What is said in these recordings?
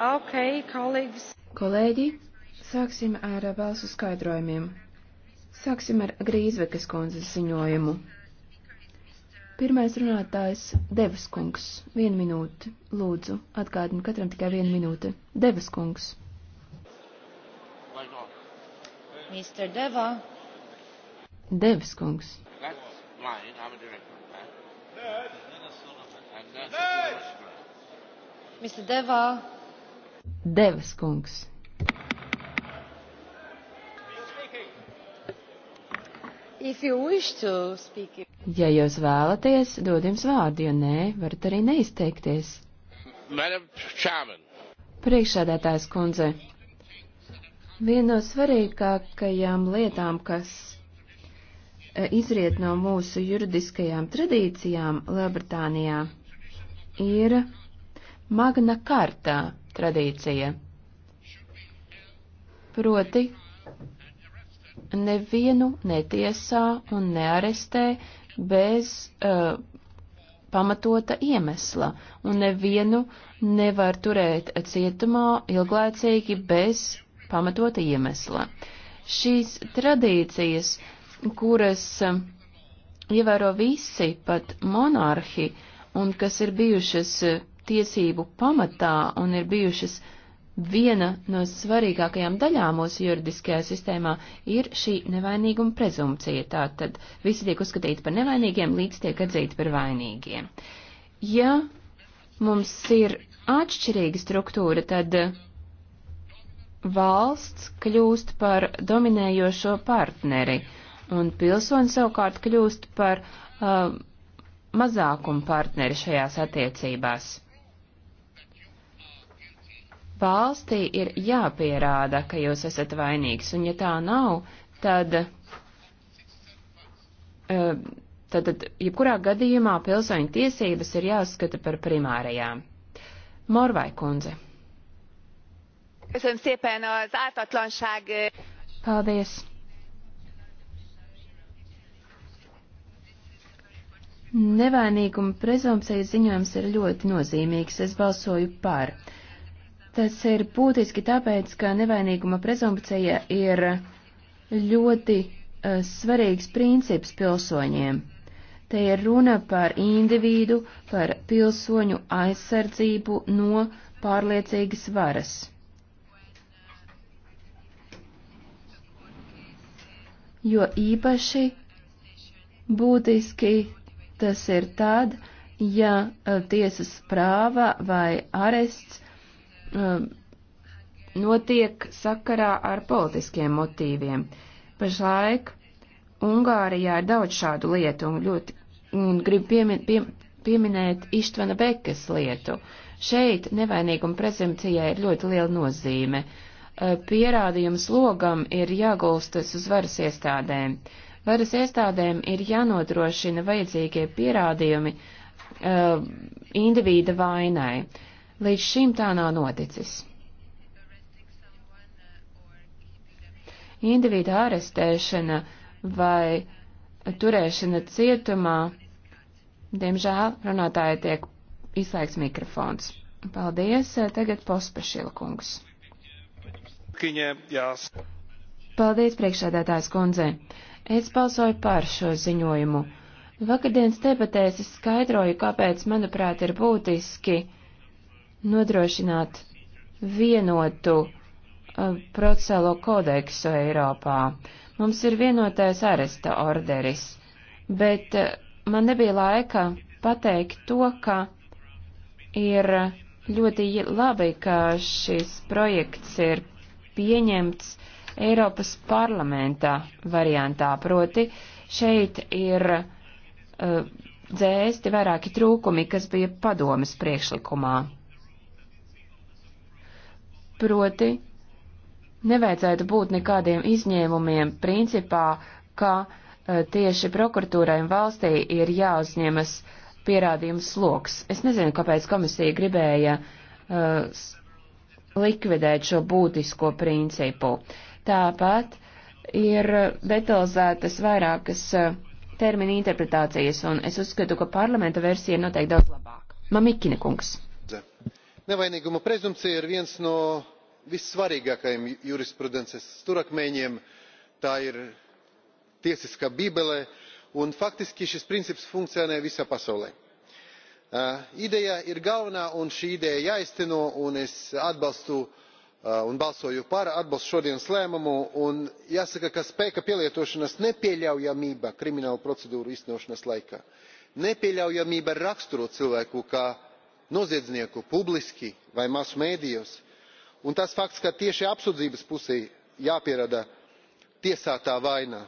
Okay, colleagues. Kolēģi, sāksim ar balsu skaidrojumiem. Sāksim ar Grīzvekas kundzes ziņojumu. Pirmais runātājs - Devas kungs. Vienu minūti, lūdzu, atgādinu katram tikai vienu minūti. Devas kungs. Mr. Deva. Devas kungs. Mr. Deva. Devas kungs. Ja jūs vēlaties, dod jums vārdu, ja nē, varat arī neizteikties. Priekšsēdētājs kundze, viena no svarīgākajām lietām, kas e, izriet no mūsu juridiskajām tradīcijām Lielbritānijā, ir Magna Kartā, tradīcija. Proti, nevienu netiesā un nearestē bez uh, pamatota iemesla, un nevienu nevar turēt cietumā ilglaicīgi bez pamatota iemesla. Šīs tradīcijas, kuras uh, ievēro visi, pat monarhi, un kas ir bijušas uh, tiesību pamatā un ir bijušas viena no svarīgākajām daļām mūsu juridiskajā sistēmā, ir šī nevainīguma prezumcija. Tātad visi tiek uzskatīti par nevainīgiem, līdz tiek atzīti par vainīgiem. Ja mums ir atšķirīga struktūra, tad valsts kļūst par dominējošo partneri, un pilsoni savukārt kļūst par uh, mazākumu partneri šajās attiecībās valstī ir jāpierāda, ka jūs esat vainīgs, un ja tā nav, tad, eh, tad, tad jebkurā gadījumā pilsoņu tiesības ir jāskata par primārajām. Morvai kundze. Köszönöm szépen az ártatlanság. Eh, Paldies. Nevainīguma prezumpcijas ziņojums ir ļoti nozīmīgs. Es balsoju par. Uh, Tas ir būtiski tāpēc, ka nevainīguma prezumpcija ir ļoti uh, svarīgs princips pilsoņiem. Te ir runa par individu, par pilsoņu aizsardzību no pārliecīgas varas. Jo īpaši būtiski tas ir tad, ja eh, tiesas prāva vai arests Um, notiek sakarā ar politiskiem motīviem. Pašlaik Ungārijā ir daudz šādu lietu un ļoti un gribu piemin, pie, pieminēt Ištvana Bekas lietu. Šeit nevainīguma prezumcijai ir ļoti liela nozīme. Uh, Pierādījums logam ir jāgulstas uz varas iestādēm. Varas iestādēm ir jānodrošina vajadzīgie pierādījumi uh, individa vainai. Uh, Līdz šim tā nav noticis. Individu arestēšana vai turēšana cietumā, diemžēl runātāja tiek izslēgts mikrofons. Paldies, tagad pospešila kungs. Paldies, priekšsēdētājs kundze. Es balsoju par šo ziņojumu. Vakardienas debatēs es skaidroju, kāpēc, manuprāt, ir būtiski nodrošināt vienotu uh, procesālo kodeksu Eiropā. Mums ir vienotais aresta orderis, bet uh, man nebija laika pateikt to, ka ir ļoti labi, ka šis projekts ir pieņemts Eiropas parlamentā variantā, proti šeit ir uh, dzēsti vairāki trūkumi, kas bija padomas priekšlikumā. Proti, nevajadzētu būt nekādiem izņēmumiem principā, ka uh, tieši prokuratūrai un valstī ir jāuzņemas pierādījums sloks. Es nezinu, kāpēc komisija gribēja uh, likvidēt šo būtisko principu. Tāpat ir detalizētas vairākas e, termina interpretācijas, un es uzskatu, ka parlamenta versija ir noteikti daudz labāka. Mamikina kungs nevainīguma prezumpcija ir viens no vissvarīgākajiem jurisprudences stūrakmeņiem tā ir tiesiskā bībele un faktiski šis princips funkcionē visā pasaulē. ideja ir galvenā un šī ideja jāizteno un es atbalstu un balsoju par atbalstu šodienas lēmumu un jāsaka ka spēka pielietošanas nepieļaujamība kriminālu procedūru īstenošanas laikā nepieļaujamība raksturo cilvēku kā noziedznieku publiski vai masu mēdījos un tas fakts ka tieši apsūdzības pusei jāpierāda tiesātā vaina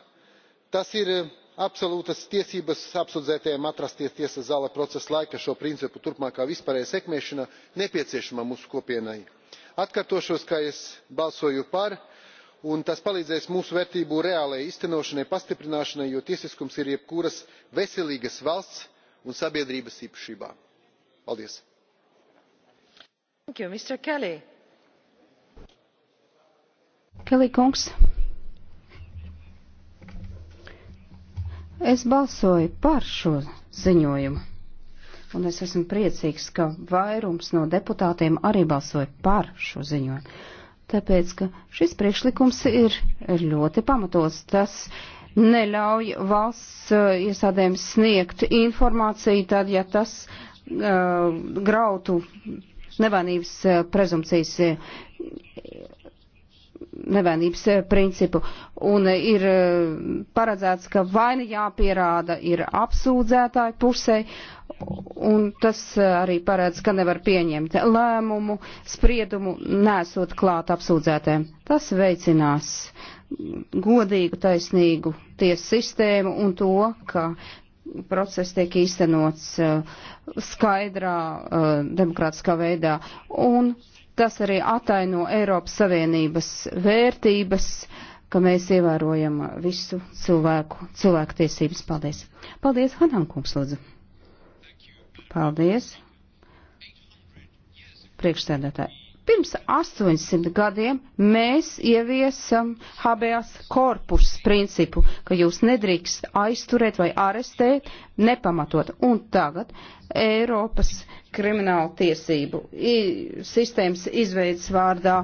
tas ir eh, absolūtas tiesības apsūdzētajam atrasties tiesas zālē procesa laikā šo principu turpmākā vispārēja sekmēšana nepieciešama mūsu kopienai. atkārtošos ka es balsoju par un tas palīdzēs mūsu vērtību reālajai īstenošanai pastiprināšanai jo tiesiskums ir jebkuras veselīgas valsts un sabiedrības īpašībā. paldies! You, Kelly. Kelly kungs, es balsoju par šo ziņojumu, un es esmu priecīgs, ka vairums no deputātiem arī balsoja par šo ziņojumu, tāpēc, ka šis priekšlikums ir ļoti pamatots. Tas neļauj valsts uh, iestādēm sniegt informāciju, tad, ja tas uh, grautu nevainības eh, prezumcijas eh, nevainības eh, principu. Un ir paredzēts, ka vaina jāpierāda ir apsūdzētāju pusē, un tas arī paredz, ka nevar pieņemt lēmumu, spriedumu, nesot klāt apsūdzētēm. Tas veicinās godīgu, taisnīgu tiesu sistēmu un to, ka process tiek īstenots eh, skaidrā, eh, demokrātiskā veidā. Un tas arī ataino Eiropas Savienības vērtības, ka mēs ievērojam visu cilvēku, cilvēku tiesības. Paldies. Paldies, Hanankungs, lūdzu. Paldies. Priekšsēdētāji. Pirms 800 gadiem mēs ieviesam habeas corpus principu, ka jūs nedrīkst aizturēt vai arestēt nepamatot. Un tagad Eiropas krimināla tiesību sistēmas izveidas vārdā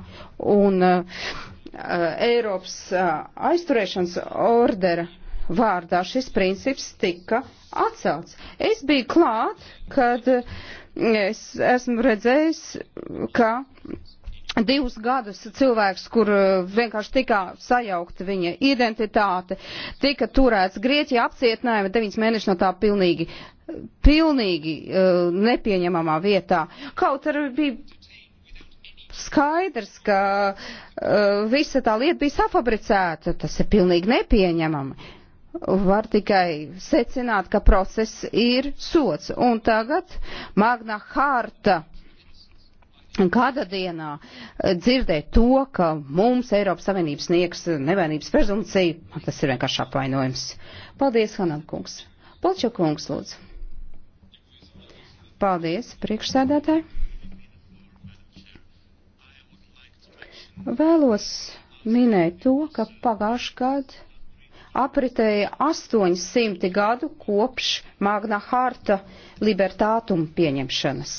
un uh, uh, Eiropas uh, aizturēšanas ordera vārdā šis princips tika atcelts. Es biju klāt, kad. Uh, Es esmu redzējis, ka divus gadus cilvēks, kur uh, vienkārši tika sajaukta viņa identitāte, tika turēts Grieķija apcietinājuma deviņas mēnešus no tā pilnīgi, pilnīgi uh, nepieņemamā vietā. Kaut arī bija skaidrs, ka uh, visa tā lieta bija safabricēta, tas ir pilnīgi nepieņemami var tikai secināt, ka process ir sots. Un tagad Magna Harta. Kāda dienā eh, dzirdēt to, ka mums Eiropas Savienības sniegs nevainības prezumciju, tas ir vienkārši apvainojums. Paldies, Hanan kungs. Polčo kungs, lūdzu. Paldies, priekšsēdētāji. Vēlos minēt to, ka pagājušajā gadā apritēja 800 gadu kopš Magna Harta libertātuma pieņemšanas.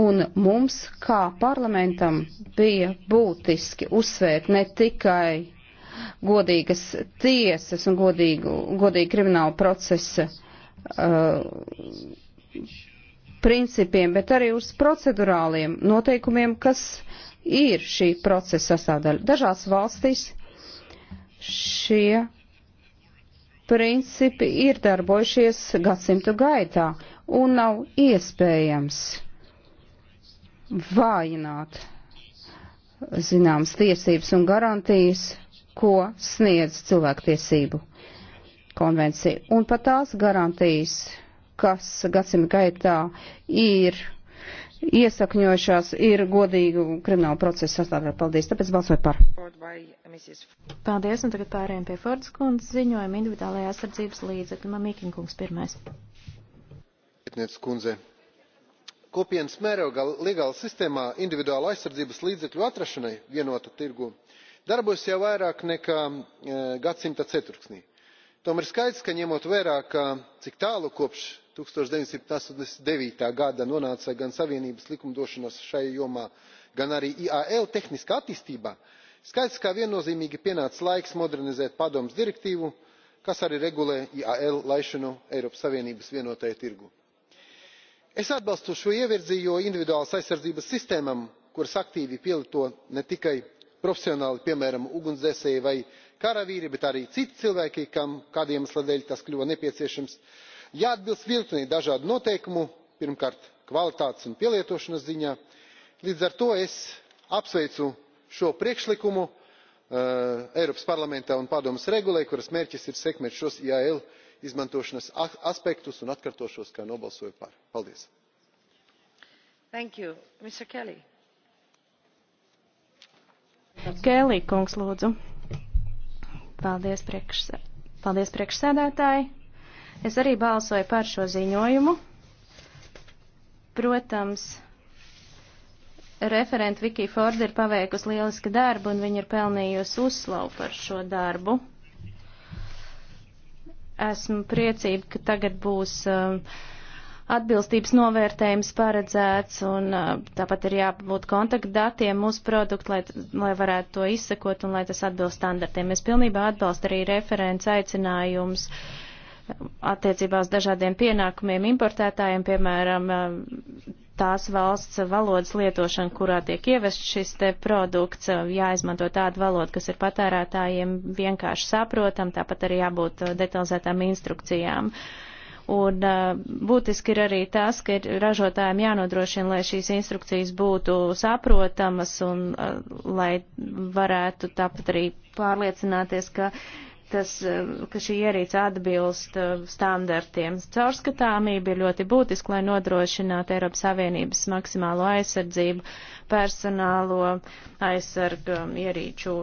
Un mums, kā parlamentam, bija būtiski uzsvērt ne tikai godīgas tiesas un godīgu, godīgu kriminālu procesa uh, principiem, bet arī uz procedurāliem noteikumiem, kas ir šī procesa sastāvdaļa. Dažās valstīs Šie principi ir darbojušies gadsimtu gaitā un nav iespējams vājināt zināmas tiesības un garantijas, ko sniedz cilvēktiesību konvencija. Un pat tās garantijas, kas gadsimtu gaitā ir iesakņojušās ir godīgu kriminālu procesu sastāvā. Paldies, tāpēc balsoju par. Paldies, un tagad pārējiem pie Fordas kundzes ziņojuma individuālajā aizsardzības līdzekļa. Mamīkinkungs pirmais. Kundze. Kopienas mērogā legāla sistēmā individuāla aizsardzības līdzekļu atrašanai vienota tirgu darbojas jau vairāk nekā e, gadsimta ceturksnī. Tomēr skaidrs, ka ņemot vērā, ka cik tālu kopš tūkstoš deviņsimt astoņdesmit devītā gada nonāca gan savienības likumdošanas šai jomā gan arī ial tehniska attīstība skaidrs ka viennozīmīgi pienācis laiks modernizēt padomes direktīvu kas arī regulē ial laišanu eiropas savienības vienotajā tirgū. es atbalstu šo ievirzi jo individuālās aizsardzības sistēmām kuras aktīvi pielieto ne tikai profesionāli piemēram ugunsdzēsēji vai karavīri bet arī citi cilvēki kam kāda iemesla dēļ tas kļuva nepieciešams jāatbilst virknei dažādu noteikumu pirmkārt kvalitātes un pielietošanas ziņā. līdz ar to es apsveicu šo priekšlikumu eh, eiropas parlamenta un padomes regulai kuras mērķis ir sekmēt šos ial izmantošanas aspektus un atkārtošos ka nobalsoju par. paldies! Kēlī kungs, lūdzu. Paldies, priekš... Paldies priekšsēdētāji. Es arī balsoju par šo ziņojumu. Protams, referenta Viki Forda ir paveikusi lieliski darbu un viņa ir pelnījusi uzslavu par šo darbu. Esmu priecīga, ka tagad būs uh, atbilstības novērtējums paredzēts un uh, tāpat ir jābūt kontaktdatiem mūsu produktu, lai, lai varētu to izsekot un lai tas atbilst standartiem. Es pilnībā atbalstu arī referents aicinājums uh, attiecībās dažādiem pienākumiem importētājiem, piemēram, tās valsts valodas lietošana, kurā tiek ievest šis te produkts, jāizmanto tāda valoda, kas ir patērētājiem vienkārši saprotam, tāpat arī jābūt detalizētām instrukcijām. Un būtiski ir arī tas, ka ir ražotājiem jānodrošina, lai šīs instrukcijas būtu saprotamas un lai varētu tāpat arī pārliecināties, ka uh, tas, eh, ka šī ierīce atbilst eh, standartiem. Caurskatāmība ir ļoti būtiska, lai nodrošinātu Eiropas Savienības maksimālo aizsardzību personālo aizsargu um, ierīču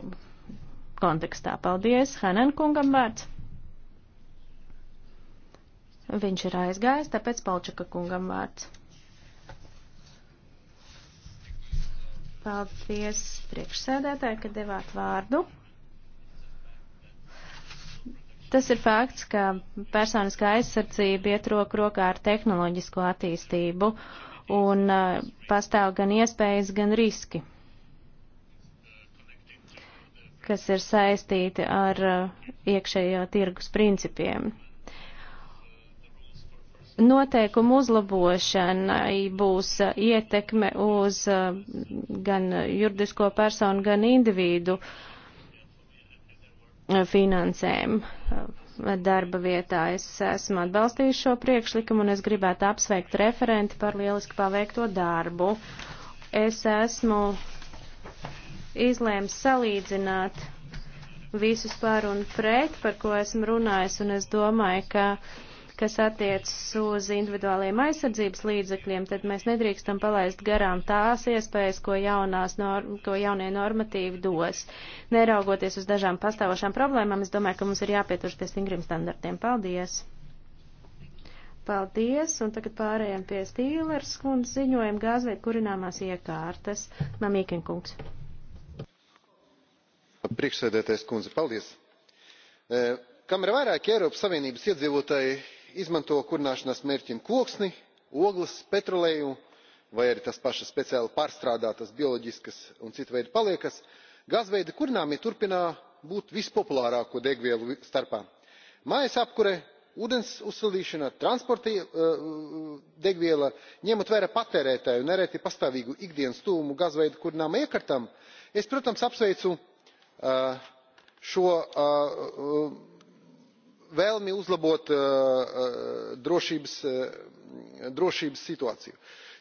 kontekstā. Paldies, Hanan kungam vārds. Viņš ir aizgājis, tāpēc Palčaka kungam vārds. Paldies priekšsēdētāji, ka devāt vārdu. Tas ir fakts, ka personiskā aizsardzība iet roku rokā ar tehnoloģisko attīstību un uh, pastāv gan iespējas, gan riski, kas ir saistīti ar uh, eh, iekšējā tirgus principiem. Noteikumu uzlabošanai būs uh, ietekme uz gan juridisko personu, gan individu uh, finansēm eh, darba vietā. Es esmu atbalstījis šo priekšlikumu un es gribētu apsveikt referenti par lieliski paveikto darbu. Es esmu izlēms salīdzināt visus par un pret, par ko esmu runājis, un es domāju, ka uh, kas attiecas uz individuāliem aizsardzības līdzekļiem, tad mēs nedrīkstam palaist garām tās iespējas, ko, jaunās, norm, ko jaunie normatīvi dos. Neraugoties uz dažām pastāvošām problēmām, es domāju, ka mums ir jāpieturš pie stingriem standartiem. Paldies! Paldies, un tagad pārējām pie Stīlers kundzes ziņojuma gāzveidu kurināmās iekārtas. Mamīkin kungs. Priekšsēdētais kundze, paldies. Eh, Kam ir vairāki Eiropas Savienības iedzīvotāji, izmanto kurināšanas mērķiem koksni ogles petrolejumu vai arī tās pašas speciāli pārstrādātas bioloģiskas un cita veida paliekas gazveida kurināmie turpina būt vispopulārāko degvielu starpā. mājasapkure ūdens uzsildīšana transporta eh, degviela ņemot vērā patērētāju nereti pastāvīgu ikdienas tuvumu gazveida kurināmām iekartām es protams apsveicu eh, šo eh, vēlmi uzlabot uh, uh, uh, drošības situāciju.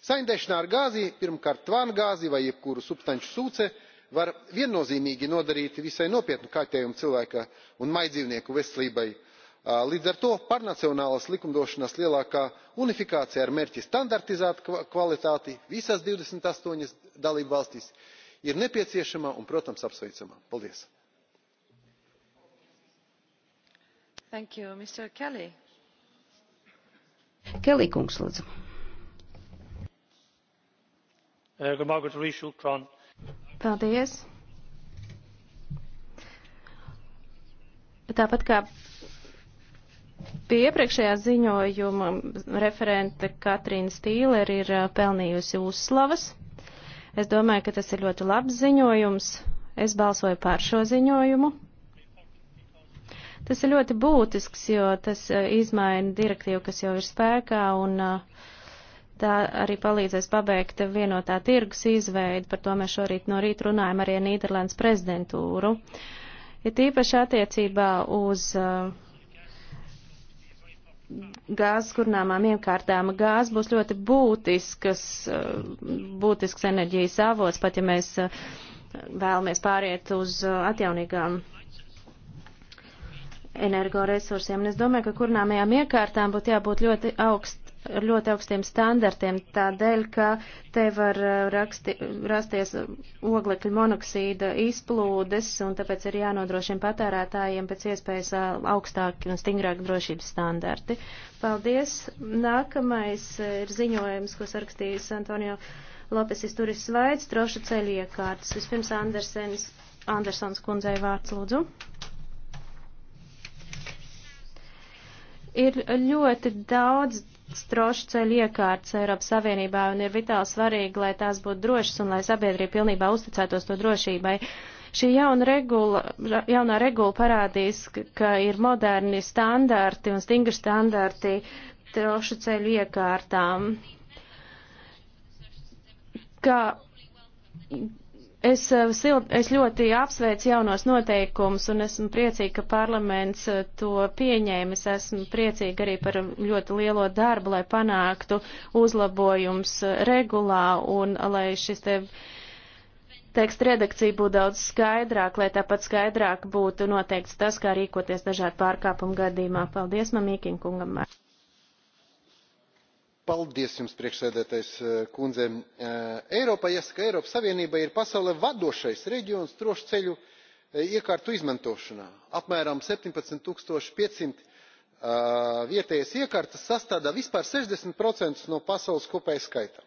saindēšana ar gāzi pirmkārt tvangāzi vai jebkuru substanču sūcē var viennozīmīgi nodarīt visai nopietnu kaitējumu cilvēka un maidzīvnieku veselībai. līdz ar to pārnacionālās likumdošanas lielākā unifikācija ar mērķi standartizēt kvalitāti visās divdesmit astoņās dalībvalstīs ir nepieciešama un protams apsveicama. paldies! Thank you, Mr. Kelly. Kelly kungs, lūdzu. Uh, Paldies. Tāpat kā pie iepriekšējā ziņojuma referente Katrīna Stīler ir uh, pelnījusi uzslavas. Es domāju, ka tas ir ļoti labs ziņojums. Es balsoju par šo ziņojumu. Tas ir ļoti būtisks, jo tas eh, izmaina direktīvu, kas jau ir spēkā, un eh, tā arī palīdzēs pabeigt vienotā tirgus izveidi. Par to mēs šorīt no rīta runājam arī Nīderlandes prezidentūru. Ir ja tīpaši attiecībā uz eh, gāzes kurnāmām iekārtām. Gāze būs ļoti būtisks, būtisks enerģijas avots, pat ja mēs vēlamies pāriet uz atjaunīgām energoresursiem. Un es domāju, ka kurināmajām iekārtām būtu jābūt ļoti augst ar ļoti augstiem standartiem, tādēļ, ka te var uh, raksti, rasties oglekļa monoksīda izplūdes, un tāpēc ir jānodrošina patērētājiem pēc iespējas uh, augstāki un stingrāki drošības standarti. Paldies! Nākamais uh, ir ziņojums, ko sarakstījis Antonio Lopesis Turis Svaids, trošu ceļu iekārtas. Vispirms Andersens, Andersons kundzei vārds lūdzu. Ir ļoti daudz strošu ceļu iekārtas Eiropas Savienībā un ir vitāli svarīgi, lai tās būtu drošas un lai sabiedrība pilnībā uzticētos to drošībai. Šī jauna regula, jaunā regula parādīs, ka ir moderni standarti un stingri standarti trošu ceļu iekārtām. Kā Es, eh, es ļoti apsveicu jaunos noteikumus un esmu priecīga, ka parlaments eh, to pieņēma. Es esmu priecīga arī par ļoti lielo darbu, lai panāktu uzlabojums eh, regulā un lai šis te teksta redakcija būtu daudz skaidrāk, lai tāpat skaidrāk būtu noteikts tas, kā rīkoties dažādu pārkāpumu gadījumā. Paldies, mamīkiņkungam! Paldies jums, priekšsēdētais eh, kundze. Eh, Eiropā jāsaka, Eiropas Savienība ir pasaulē vadošais reģions trošceļu eh, iekārtu izmantošanā. Apmēram 17,500 vietējas iekārtas sastāvdā vispār 60% no pasaules kopējā skaita.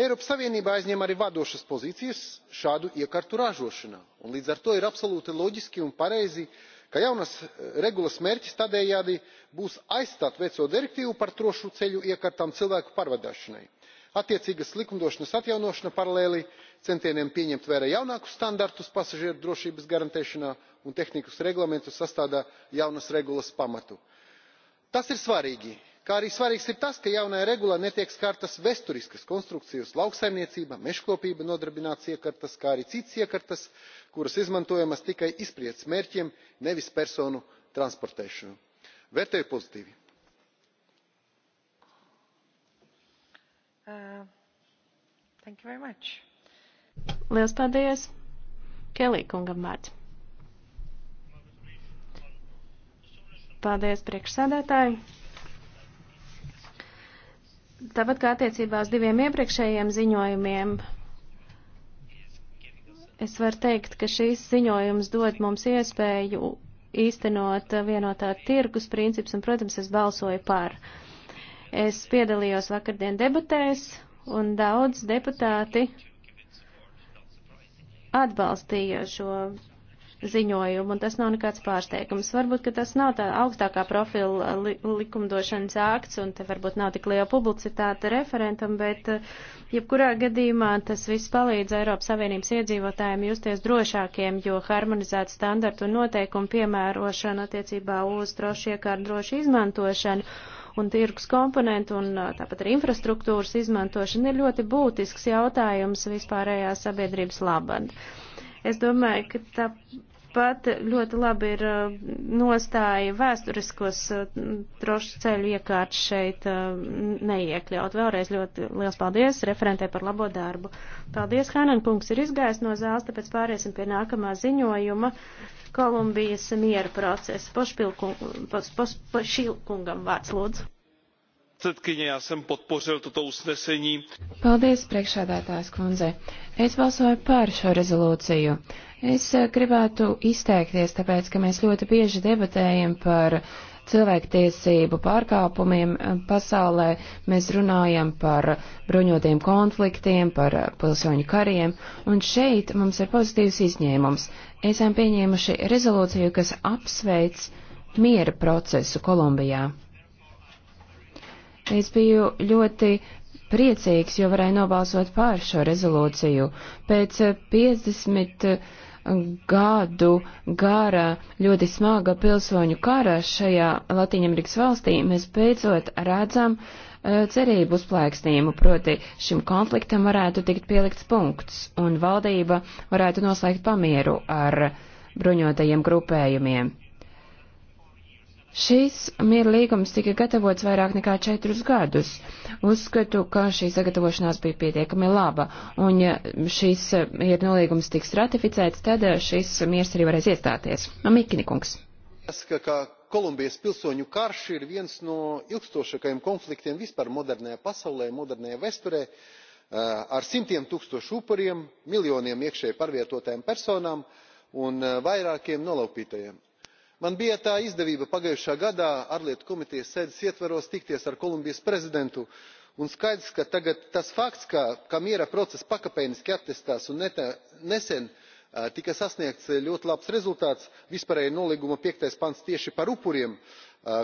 Eiropas Savienība aizņem arī vadošas pozīcijas šādu iekārtu ražošanā, un līdz ar to ir absolūti loģiski un pareizi ka jaunas e, regulas mērķis tādējādi būs aizstāt veco direktīvu par drošu ceļu iekartām cilvēku pārvadāšanai attiecīgas likumdošanas atjaunošana paralēli centieniem pieņemt vērā jaunākus standartus pasažieru drošības garantēšanā un tehnikas reglamentu sastāda jaunas regulas pamatu. tas ir svarīgi kā arī svarīgs ir tas ka jaunajā regulā netiek skartas vēsturiskas konstrukcijas lauksaimniecība mežkopība nodarbināts iekartas kā arī citas iekartas kuras izmantojamas tikai izprieces mērķiem nevis personu transportēšanai. vērtēju pozitīvi. Uh, Lielas paldies! Kelī kungam vārds. Paldies priekšsēdētāji! tāpat kā attiecībā uz diviem iepriekšējiem ziņojumiem, es varu teikt, ka šīs ziņojums dod mums iespēju īstenot vienotā tirgus princips, un, protams, es balsoju par. Es piedalījos vakardien debatēs, un daudz deputāti atbalstīja šo ziņojumu, un tas nav nekāds pārsteigums. Varbūt, ka tas nav tā augstākā profila li likumdošanas akts, un te varbūt nav tik liela publicitāte referentam, bet eh, jebkurā gadījumā tas viss palīdz Eiropas Savienības iedzīvotājiem justies drošākiem, jo harmonizēta standartu un noteikumu piemērošana attiecībā uz drošu iekārtu drošu izmantošanu un tirgus komponentu un eh, tāpat arī infrastruktūras izmantošana ir ļoti būtisks jautājums vispārējā sabiedrības labad. Es domāju, ka tā Pat ļoti labi ir eh, nostāja vēsturiskos drošu eh, ceļu iekārts šeit eh, neiekļaut. Vēlreiz ļoti liels paldies referentē par labo darbu. Paldies, Hanan kungs ir izgājis no zāles, tāpēc pāriesim pie nākamā ziņojuma. Kolumbijas miera procesa. Pošpilkungam vārds lūdzu předsedkyně já jsem podpořil toto usnesení. Paldies, priekšādātājs kundze. Es balsoju par šo rezolūciju. Es eh, gribētu izteikties, tāpēc, ka mēs ļoti bieži debatējam par cilvēktiesību pārkāpumiem eh, pasaulē. Mēs runājam par bruņotiem konfliktiem, par eh, pilsoņu kariem, un šeit mums ir pozitīvs izņēmums. Esam pieņēmuši rezolūciju, kas apsveic miera procesu Kolumbijā. Es biju ļoti priecīgs, jo varēju nobalsot pār šo rezolūciju. Pēc 50 eh, eh, gadu gara ļoti smaga pilsoņu kara šajā Latīņamerikas valstī mēs beidzot redzam uh, cerību uzplaiksnījumu, proti šim konfliktam varētu tikt pielikts punkts un valdība varētu noslēgt pamieru ar bruņotajiem grupējumiem. Šis miera līgums tika gatavots vairāk nekā četrus gadus. Uzskatu, ka šī sagatavošanās bija pietiekami laba, un ja šis eh, miera nolīgums tiks ratificēts, tad eh, šis miers arī varēs iestāties. Mikinikungs. Kolumbijas pilsoņu karš ir viens no ilgstošākajiem konfliktiem vispār modernajā pasaulē, modernajā vēsturē, eh, ar simtiem tūkstošu upuriem, miljoniem iekšēji pārvietotām personām un vairākiem nolaupītajiem man bija tā izdevība pagājušā gadā ārlietu komitejas sēdes ietvaros tikties ar kolumbijas prezidentu un skaidrs ka tagad tas fakts ka miera process pakāpeniski attīstās un nesen tika sasniegts ļoti labs rezultāts vispārējā nolīguma piektais pants tieši par upuriem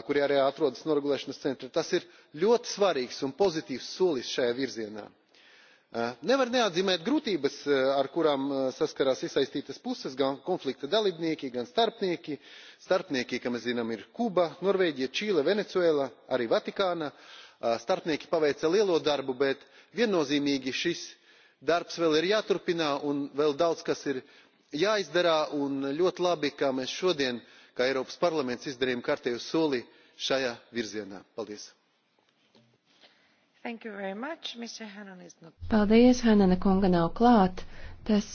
kuri arī atrodas noregulēšanas centrā tas ir ļoti svarīgs un pozitīvs solis šajā virzienā. Eh, nevar neatzīmēt grūtības eh, ar kurām eh, saskarās iesaistītās puses gan konflikta dalībnieki gan starpnieki. starpnieki kā mēs zinām ir kuba norvēģija čīle venecuēla arī vatikāns. starpnieki paveica lielo darbu bet viennozīmīgi šis darbs vēl ir jāturpina un vēl daudz kas ir jāizdara un ļoti labi ka mēs šodien kā eiropas parlaments izdarījām kārtējo soli šajā virzienā. paldies! Not... Paldies, Hanana kunga nav klāt. Tas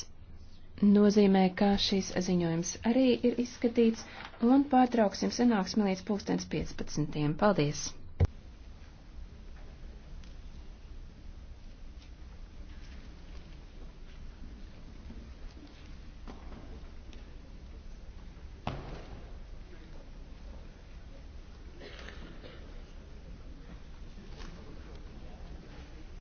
nozīmē, ka šīs ziņojums arī ir izskatīts un pārtrauksim sanāksmi līdz pulkstens 15. Paldies!